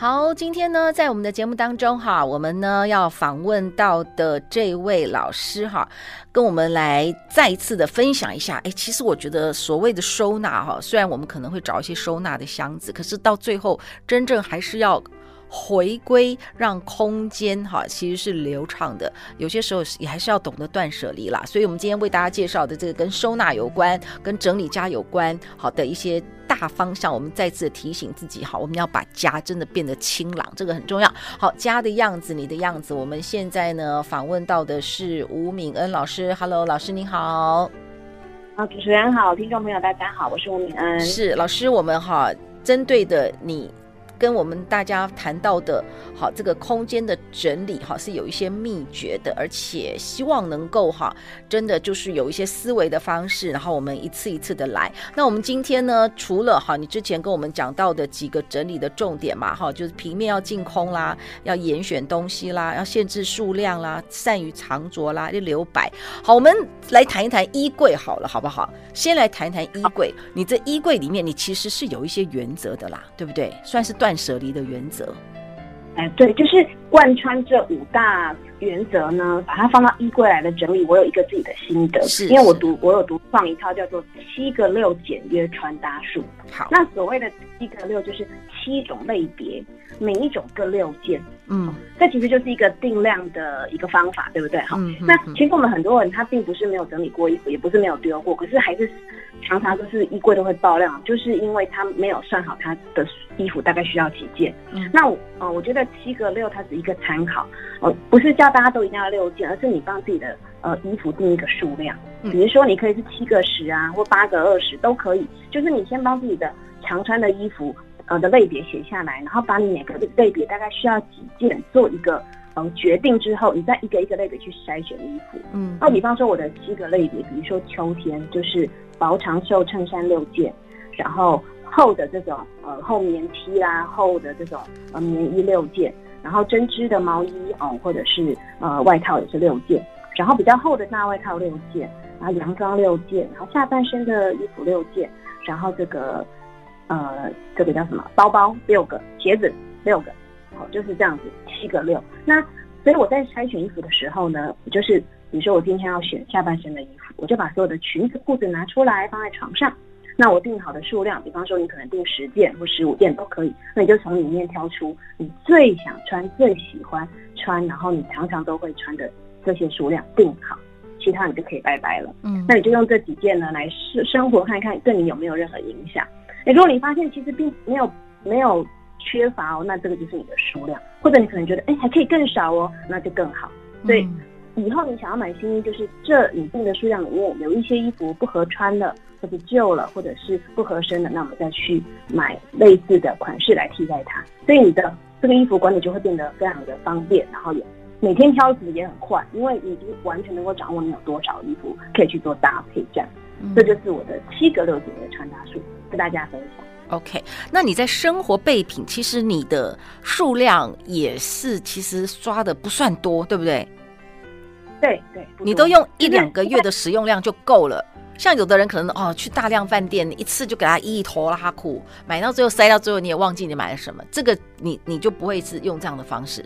好，今天呢，在我們的節目當中哈，我們呢要訪問到的這位老師哈，跟我們來再一次的分享一下。哎，其實我覺得所謂的收納哈，雖然我們可能會找一些收納的箱子，可是到最後真正還是要。回歸，讓空間哈其實是流暢的，有些時候也還是要懂得斷捨離啦。所以，我們今天為大家介紹的這個跟收納有關、跟整理家有關好的一些大方向，我們再次提醒自己哈，我們要把家真的變得清朗，這個很重要。好，家的樣子，你的樣子，我們現在呢，訪問到的是吳敏恩老師。Hello，老師你好。啊，主持人好，聽眾朋友大家好，我是吳敏恩。是老師，我們哈針對的你。跟我們大家談到的，好，這個空間的整理，哈，是有一些祕訣的，而且希望能夠哈，真的就是有一些思維的方式，然後我們一次一次的來。那我們今天呢，除了哈，你之前跟我們講到的幾個整理的重點嘛，哈，就是平面要淨空啦，要嚴選東西啦，要限制數量啦，善於藏拙啦，要留白。好，我們來談一談衣櫃好了，好不好？先來談一談衣櫃。啊，你這衣櫃裡面，你其實是有一些原則的啦，對不對？算是斷。斷捨離的原則，哎，對，就是。貫穿這五大原則呢，把它放到衣櫃來的整理，我有一個自己的心得，是，是因為我讀我有獨創一套叫做“七個六簡約穿搭術”。好，那所謂的“七個六”就是七種類別，每一種各六件。嗯，這其實就是一個定量的一個方法，對不對？好、嗯，那其實我們很多人他並不是沒有整理過衣服，也不是沒有丟過，可是還是常常都是衣櫃都會爆量，就是因為他沒有算好他的衣服大概需要幾件。嗯，那、呃、我覺得“七個六”他只一個參考，呃，不是叫大家都一定要六件，而是你幫自己的呃衣服定一個數量。比如說你可以是七個十啊，或八個二十都可以。就是你先幫自己的常穿的衣服呃的類別寫下來，然後把你每個類別大概需要幾件做一個嗯、呃、決定之後，你再一個一個類別去篩選衣服。嗯，那、啊、比方說我的七個類別，比如說秋天就是薄長袖襯衫六件，然後厚的這種呃厚棉 T 啦、啊，厚的這種呃棉衣六件。然後針織的毛衣哦，或者是呃外套也是六件，然後比較厚的大外套六件，然後洋裝六件，然後下半身的衣服六件，然後這個呃這個叫什麼？包包六個，鞋子六個，好、哦、就是這樣子七個六。那所以我在篩選衣服的時候呢，就是比如說我今天要選下半身的衣服，我就把所有的裙子、褲子拿出來放在床上。那我定好的數量，比方說你可能定十件或十五件都可以，那你就從裡面挑出你最想穿、最喜歡穿，然後你常常都會穿的這些數量定好，其他你就可以拜拜了。嗯，那你就用這幾件呢來試生活看一看，對你有沒有任何影響？哎，如果你發現其實並沒有沒有缺乏哦，那這個就是你的數量，或者你可能覺得哎還可以更少哦，那就更好。所以、嗯、以後你想要買新衣，就是這你定的數量裡面有一些衣服不合穿的。或者舊了或者是不合身的，那我們再去買類似的款式來替代它。所以你的這個衣服管理就會變得非常的方便，然後也每天挑子也很快，因為已經完全能夠掌握你有多少衣服可以去做搭配這樣。嗯、這就是我的七格六點的穿搭術，跟大家分享。OK，那你在生活備品，其實你的數量也是其實刷的不算多，對不對？對對，你都用一兩個月的使用量就夠了。像有的人可能哦，去大量飯店，你一次就給他一拖拉庫，買到最後塞到最後，你也忘記你買了什麼，這個你你就不會是用這樣的方式。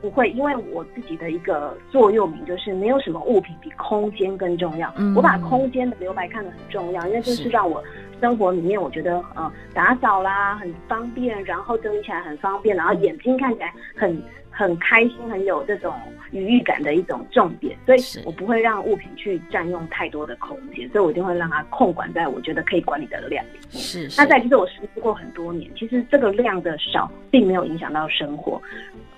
不會，因為我自己的一個座右銘就是，沒有什麼物品比空間更重要。嗯。我把空間的留白看得很重要，因為這是讓我。生活裡面，我覺得嗯、呃、打掃啦很方便，然後整理起來很方便，然後眼睛看起來很很開心，很有這種愉悅感的一種重點。所以我不會讓物品去佔用太多的空間，所以我就會讓它控管在我覺得可以管理的量裡面。是，是，那再就是我實施過很多年，其實這個量的少並沒有影響到生活，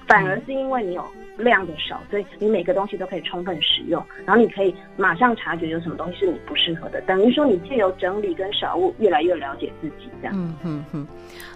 反而是因為你有。量的少，所以你每個東西都可以充分使用，然後你可以馬上察覺有什麼東西是你不適合的，等於說你借由整理跟少物，越來越了解自己，這樣。嗯哼哼。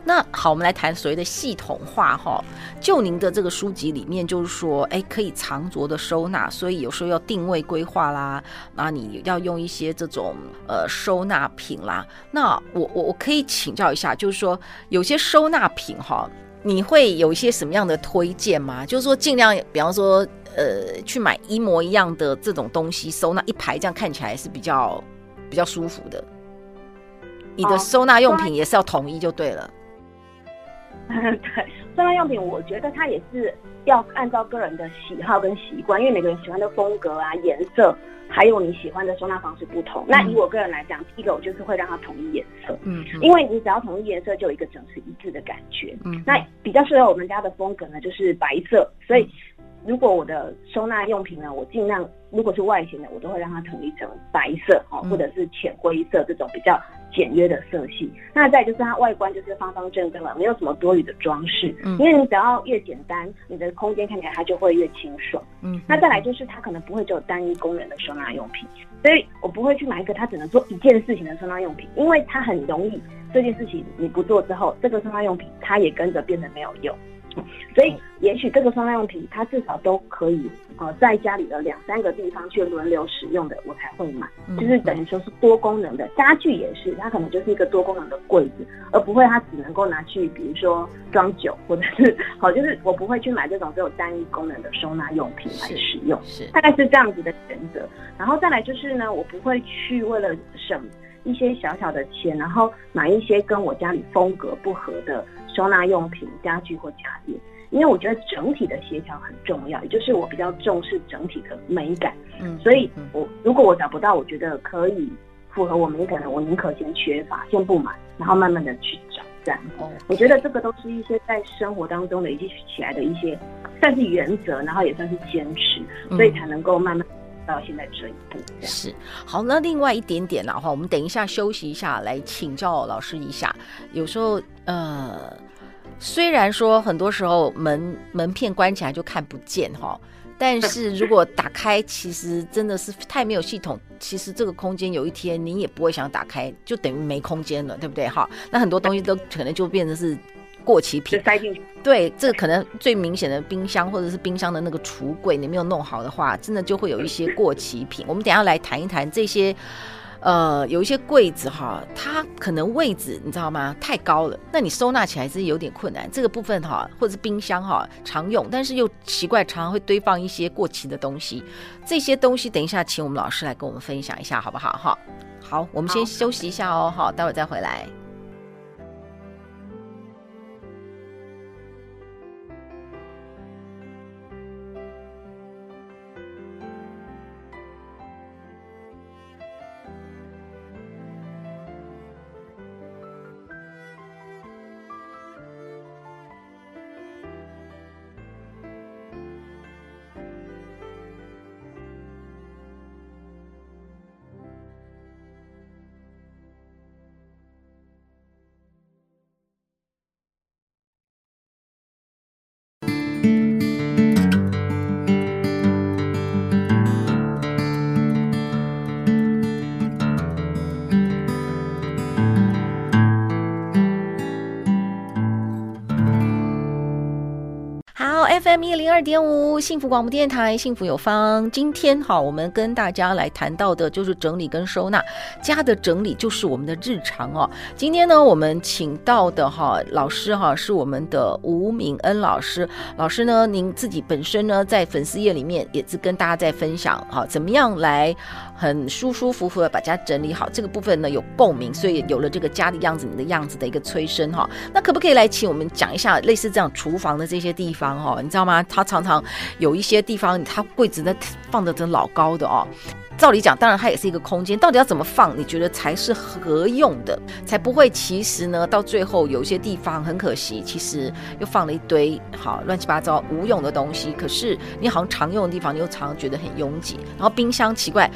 那好，我們來談所謂的系統化哈、哦。就您的這個書籍裡面，就是說，誒、欸，可以藏拙的收納，所以有時候要定位規劃啦，那你要用一些這種呃收納品啦。那我我我可以請教一下，就是說有些收納品哈、哦。你會有一些什麼樣的推薦嗎？就是說，盡量，比方說，呃，去買一模一樣的這種東西收納一排，這樣看起來是比較比較舒服的。哦。你的收納用品也是要統一就對了。嗯，對。收納用品，我覺得它也是要按照個人的喜好跟習慣，因為每個人喜歡的風格啊、顏色，還有你喜歡的收納方式不同。嗯、那以我個人來講，第一個我就是會讓它統一顏色，嗯，因為你只要統一顏色，就有一個整齊一致的感覺，嗯。那比較適合我們家的風格呢，就是白色，所以、嗯。如果我的收納用品呢，我盡量如果是外形的，我都會讓它統一成白色哦，或者是淺灰色這種比較簡約的色系。那再就是它外觀就是方方正正了，沒有什麼多餘的裝飾。嗯。因為你只要越簡單，你的空間看起來它就會越清爽。嗯。那再來就是它可能不會只有單一功能的收納用品，所以我不會去買一個它只能做一件事情的收納用品，因為它很容易這件事情你不做之後，這個收納用品它也跟着變得沒有用。所以，也許這個收納用品，它至少都可以，呃，在家裡的兩三個地方去輪流使用的，我才會買。就是等於說是多功能的家具也是，它可能就是一個多功能的櫃子，而不會它只能夠拿去，比如說裝酒或者是好，就是我不會去買這種只有單一功能的收納用品來使用。是，大概是這樣子的原則。然後再來就是呢，我不會去為了省。一些小小的錢，然後買一些跟我家裡風格不合的收納用品、家具或家電，因為我覺得整體的協調很重要，也就是我比較重視整體的美感。嗯，所以我、嗯、如果我找不到，我覺得可以符合我美感的，我寧可先缺乏，先不買，然後慢慢的去找。這樣，嗯，我覺得這個都是一些在生活當中的累積起、起來的一些算是原則，然後也算是堅持，嗯、所以才能夠慢慢。到現在這一步是好。那另外一點點的話，我們等一下休息一下，來請教老師一下。有時候，呃，雖然說很多時候門門片關起來就看不見哈，但是如果打開，其實真的是太沒有系統。其實這個空間有一天你也不會想打開，就等於沒空間了，對不對？哈，那很多東西都可能就變成是。過期品，對，塞進去，對，這個可能最明顯的冰箱或者是冰箱的那個櫥櫃，你沒有弄好的話，真的就會有一些過期品。 我們等一下來談一談這些，呃，有一些櫃子哈，它可能位置你知道嗎？太高了，那你收納起來是有點困難。這個部分哈，或者是冰箱哈，常用但是又奇怪，常常會堆放一些過期的東西。這些東西等一下請我們老師來跟我們分享一下，好不好？哈，好，我們先休息一下哦，好，待會再回來。FM 一零二點五，幸福廣播電臺，幸福有方。今天哈，我們跟大家來談到的就是整理跟收納。家的整理就是我們的日常哦。今天呢，我們請到的哈老師哈是我們的吳敏恩老師。老師呢，您自己本身呢，在粉絲頁裡面也是跟大家在分享哈，怎麼樣來。很舒舒服服的把家整理好，這個部分呢有共鳴，所以有了這個家的樣子，你的樣子的一個催生哈、哦。那可不可以來請我們講一下類似這樣廚房的這些地方哈、哦？你知道嗎？它常常有一些地方，它櫃子呢放得真老高的哦。照理講，當然它也是一個空間，到底要怎麼放？你覺得才是合用的，才不會？其實呢，到最後有些地方很可惜，其實又放了一堆好亂七八糟無用的東西。可是你好像常用的地方，你又常常覺得很擁擠。然後冰箱奇怪。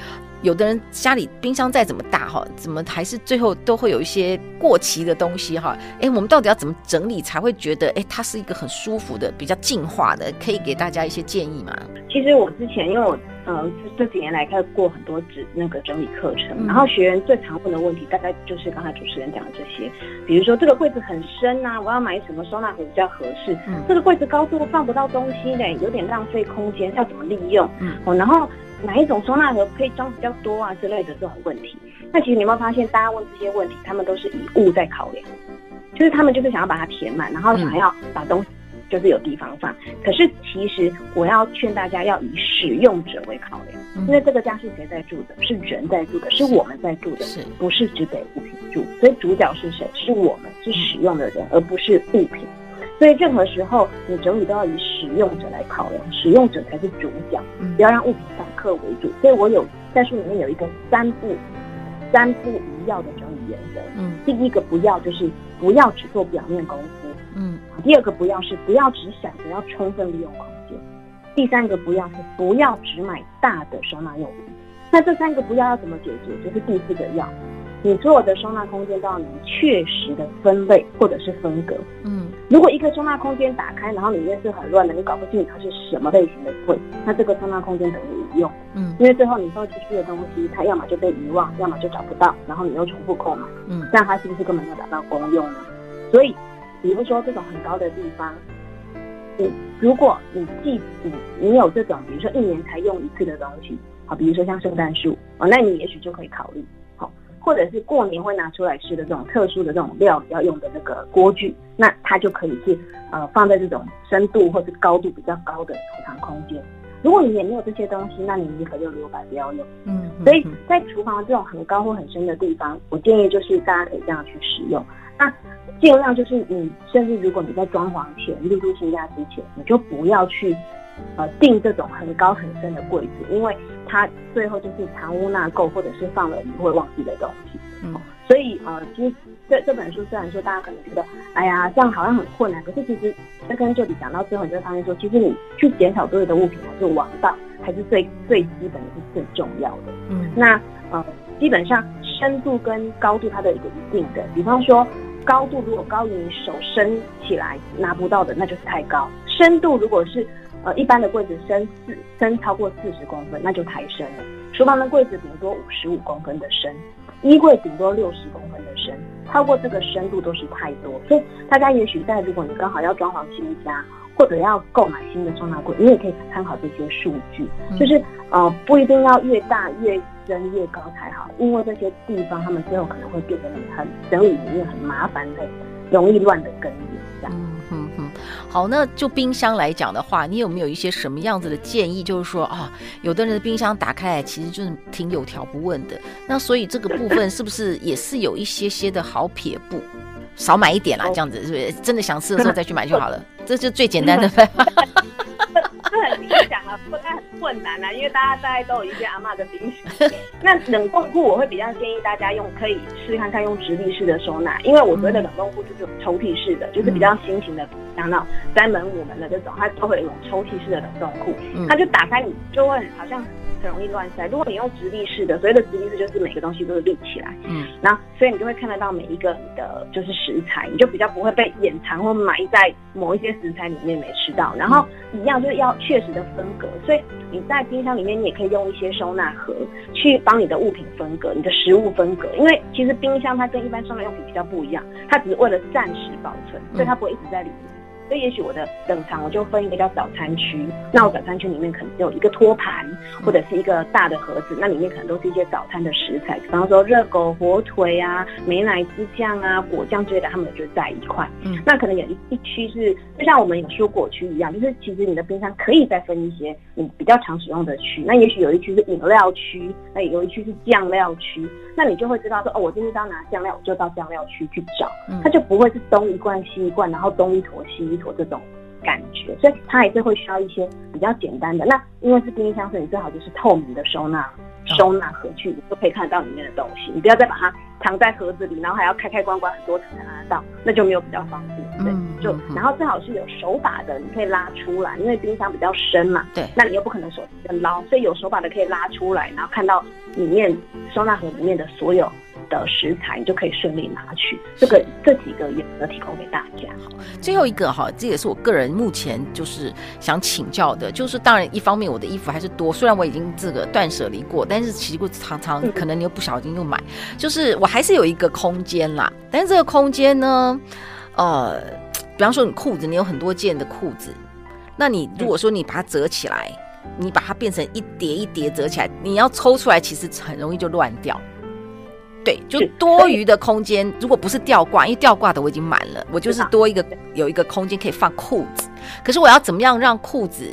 有的人家裡冰箱再怎麼大哈，怎麼還是最後都會有一些過期的東西哈？哎、欸，我們到底要怎麼整理才會覺得哎、欸，它是一個很舒服的、比較淨化的？可以給大家一些建議嗎？其實我之前因為我呃這幾年來開過很多次那個整理課程、嗯，然後學員最常問的問題大概就是剛才主持人講的這些，比如說這個櫃子很深吶、啊，我要買什麼收納盒比較合適、嗯？這個櫃子高度放不到東西嘞，有點浪費空間，要怎麼利用？嗯、哦，然後。哪一種收納盒可以裝比較多啊之類的這種問題？那其實你有沒有發現，大家問這些問題，他們都是以物在考量，就是他們就是想要把它填滿，然後想要把東西就是有地方放。可是其實我要勸大家，要以使用者為考量，因為這個家是誰在住的，是人在住的，是我們在住的，不是只給物品住。所以主角是誰？是我們是使用的人，而不是物品。所以任何時候你整理都要以使用者來考量，使用者才是主角，不要讓物品。客為主，所以我有在書裡面有一個三不三不一要的整理原則。嗯，第一個不要就是不要只做表面功夫。嗯，第二個不要是不要只想着要充分利用空間。第三個不要是不要只買大的收納用品。那這三個不要要怎麼解決？就是第四個要，你做的收納空間都要能確實的分類或者是分隔。嗯，如果一個收納空間打開，然後裡面是很亂的，你搞不清楚它是什麼類型的櫃，那這個收納空間等於用，嗯，因為最後你放進去的東西，它要麼就被遺忘，要麼就找不到，然後你又重複購買，嗯，那它是不是根本沒有達到功用呢？所以，比如說這種很高的地方，嗯，如果你既你你有這種，比如說一年才用一次的東西，好，比如說像聖誕樹，哦，那你也許就可以考慮，好、哦，或者是過年會拿出來吃的這種特殊的這種料要用的那個鍋具，那它就可以去呃放在這種深度或是高度比較高的儲藏空間。如果你也沒有這些東西，那你寧可就留白，不要用。嗯，所以在廚房這種很高或很深的地方，我建議就是大家可以這樣去使用。那、啊、盡量就是你，甚至如果你在裝潢前入住新家之前，你就不要去呃定這種很高很深的櫃子，因為它最後就是藏污納垢，或者是放了你會忘記的東西。嗯，所以呃，其實這這本書雖然說大家可能覺得，哎呀，這樣好像很困難，可是其實剛剛這裡講到最後，你會發現說，其實你去減少多餘的物品還是王道，還是最最基本的，是最重要的。嗯，那呃，基本上深度跟高度它的一個一定的，比方說高度如果高於你手伸起來拿不到的，那就是太高；深度如果是呃一般的櫃子深四深超過四十公分，那就太深了。書房的櫃子比如說五十五公分的深。衣櫃頂多六十公分的深，超過這個深度都是太多。所以大家也許在如果你剛好要裝潢新家，或者要購買新的收納櫃，你也可以參考這些數據。嗯。就是呃，不一定要越大越深越高才好，因為這些地方他們最後可能會變得你很整理裡面很麻煩的、欸。容易亂的更一樣、啊、嗯哼，哼好，那就冰箱來講的話，你有沒有一些什麼樣子的建議？就是說啊、哦，有的人的冰箱打開來其實就是挺有條不紊的。那所以這個部分是不是也是有一些些的好撇步？少買一點啦，這樣子是不是真的想吃的時候再去買就好了？這就最簡單的辦法。哈 哈困難啊，因為大家大概都有一些阿媽的冰箱。 那冷凍庫我會比較建議大家用，可以試看看用直立式的收納，因為我所謂的冷凍庫就是抽屜式的、嗯，就是比較新型的冰箱，到三門五門的這種，它都會有一種抽屜式的冷凍庫、嗯，它就打開你就會好像很容易亂塞。如果你用直立式的，所謂的直立式就是每個東西都是立起來，嗯，那所以你就會看得到每一個你的就是食材，你就比較不會被掩藏或埋在某一些食材裡面沒吃到。然後一樣就是要確實的分隔，所以。你在冰箱裡面，你也可以用一些收納盒，去幫你的物品分隔，你的食物分隔。因為其實冰箱它跟一般收納用品比較不一樣，它只是為了暫時保存，所以它不會一直在裡面。嗯所以也許我的冷藏我就分一個叫早餐區，那我早餐區裡面可能只有一個托盤或者是一個大的盒子，那裡面可能都是一些早餐的食材，比方說熱狗、火腿啊、美乃滋醬啊、果醬之類的，他們就在一塊。嗯。那可能有一一區是就像我們有蔬果區一樣，就是其實你的冰箱可以再分一些你比較常使用的區。那也許有一區是飲料區，那有一區是醬料區，那你就會知道說哦，我今天要拿醬料，我就到醬料區去找。嗯。它他就不會是東一罐西一罐，然後東一坨西。這種感覺，所以它還是會需要一些比較簡單的。那因為是冰箱，所以你最好就是透明的收納收納盒去，去你就可以看得到裡面的東西。你不要再把它藏在盒子裡，然後還要開開關關很多層才能拿得到，那就沒有比較方便。對，就然後最好是有手把的，你可以拉出來，因為冰箱比較深嘛。對，那你又不可能手去撈，所以有手把的可以拉出來，然後看到裡面收納盒裡面的所有。的食材你就可以順利拿取，這個這幾個也能提供給大家。好，最後一個哈，這也是我個人目前就是想請教的，就是當然一方面我的衣服還是多，雖然我已經這個斷捨離過，但是其實常常可能你又不小心又買，嗯，就是我還是有一個空間啦。但是這個空間呢，呃，比方說你褲子，你有很多件的褲子，那你如果說你把它折起來，嗯，你把它變成一疊一疊折起來，你要抽出來，其實很容易就亂掉。對，就多餘的空間，如果不是吊掛，因為吊掛的我已經滿了，我就是多一個、啊、有一個空間可以放褲子。可是我要怎麼樣讓褲子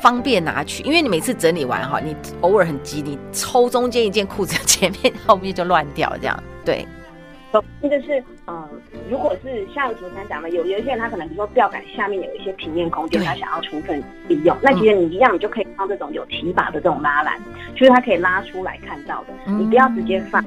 方便拿取？因為你每次整理完哈，你偶爾很急，你抽中間一件褲子，前面後面就亂掉，這樣對。這個是，嗯，如果是像昨天講的，有有一些人他可能比如說吊桿下面有一些平面空間，他想要充分利用、嗯，那其實你一樣你就可以放這種有提把的這種拉籃，就是它可以拉出來看到的，你不要直接放。嗯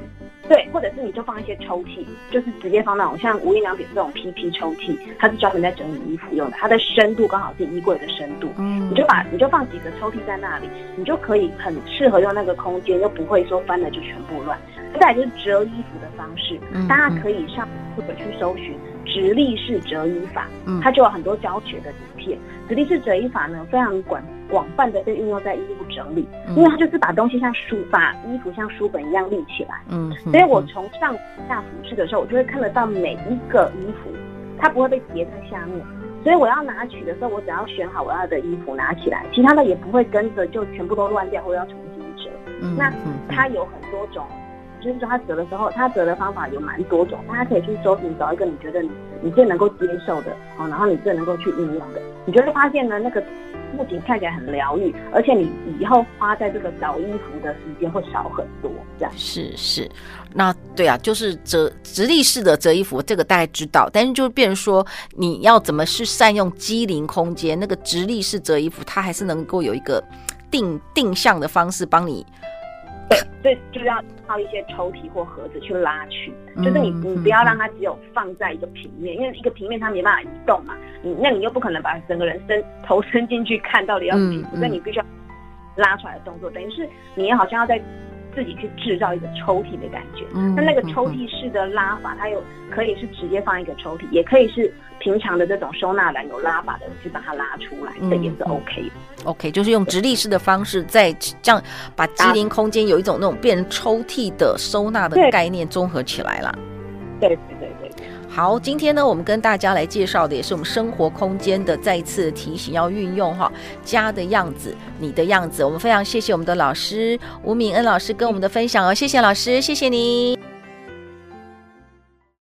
對，或者是你就放一些抽屜，就是直接放那種像無印良品這種 PP 抽屜，它是專門在整理衣服用的，它的深度剛好是衣櫃的深度，你就把你就放幾個抽屜在那裡，你就可以很適合用那個空間，又不會說翻了就全部亂。再來就是折衣服的方式，大家可以上這個去搜尋直立式折衣法，它就有很多教學的影片。直立式折衣法呢，非常管。廣泛的被運用在衣物整理，嗯，因為它就是把東西像書，把衣服像書本一樣立起來。嗯，嗯，所以我從上往下俯視的時候，我就會看得到每一個衣服，它不會被疊在下面。所以我要拿取的時候，我只要選好我要的衣服拿起來，其他的也不會跟着就全部都亂掉，或者要重新折，嗯。嗯，那它有很多種，就是說它折的時候，它折的方法有蠻多種，大家可以去搜尋，找一個你覺得你你最能夠接受的，哦，然後你最能夠去運用的，你就會發現呢，那個。不僅看起來很療癒，而且你以後花在這個找衣服的時間會少很多，這樣是是。那對啊，就是折直立式的折衣服，這個大家知道，但是就變成說，你要怎麼去善用畸零空間？那個直立式折衣服，它還是能夠有一個定定向的方式幫你。對，所以就要靠一些抽屜或盒子去拉取、嗯，就是你你不要讓它只有放在一個平面、嗯，因為一個平面它沒辦法移動嘛。你那你又不可能把整個人伸頭伸進去看到底要什麼，那、嗯、你必須要拉出來的動作，等於是你好像要在。自己去製造一個抽屜的感覺，嗯，那那個抽屜式的拉法，嗯嗯、它又可以是直接放一個抽屜，也可以是平常的這種收納籃有拉法的，去把它拉出來，這、嗯、也是 OK 的。OK，就是用直立式的方式，再這樣把畸零空間有一種那種變成抽屜的收納的概念綜合起來了。對。對對好，今天呢，我們跟大家來介紹的也是我們生活空間的再一次提醒，要運用哈家的樣子，你的樣子。我們非常謝謝我們的老師吳敏恩老師跟我們的分享哦，謝謝老師，謝謝你。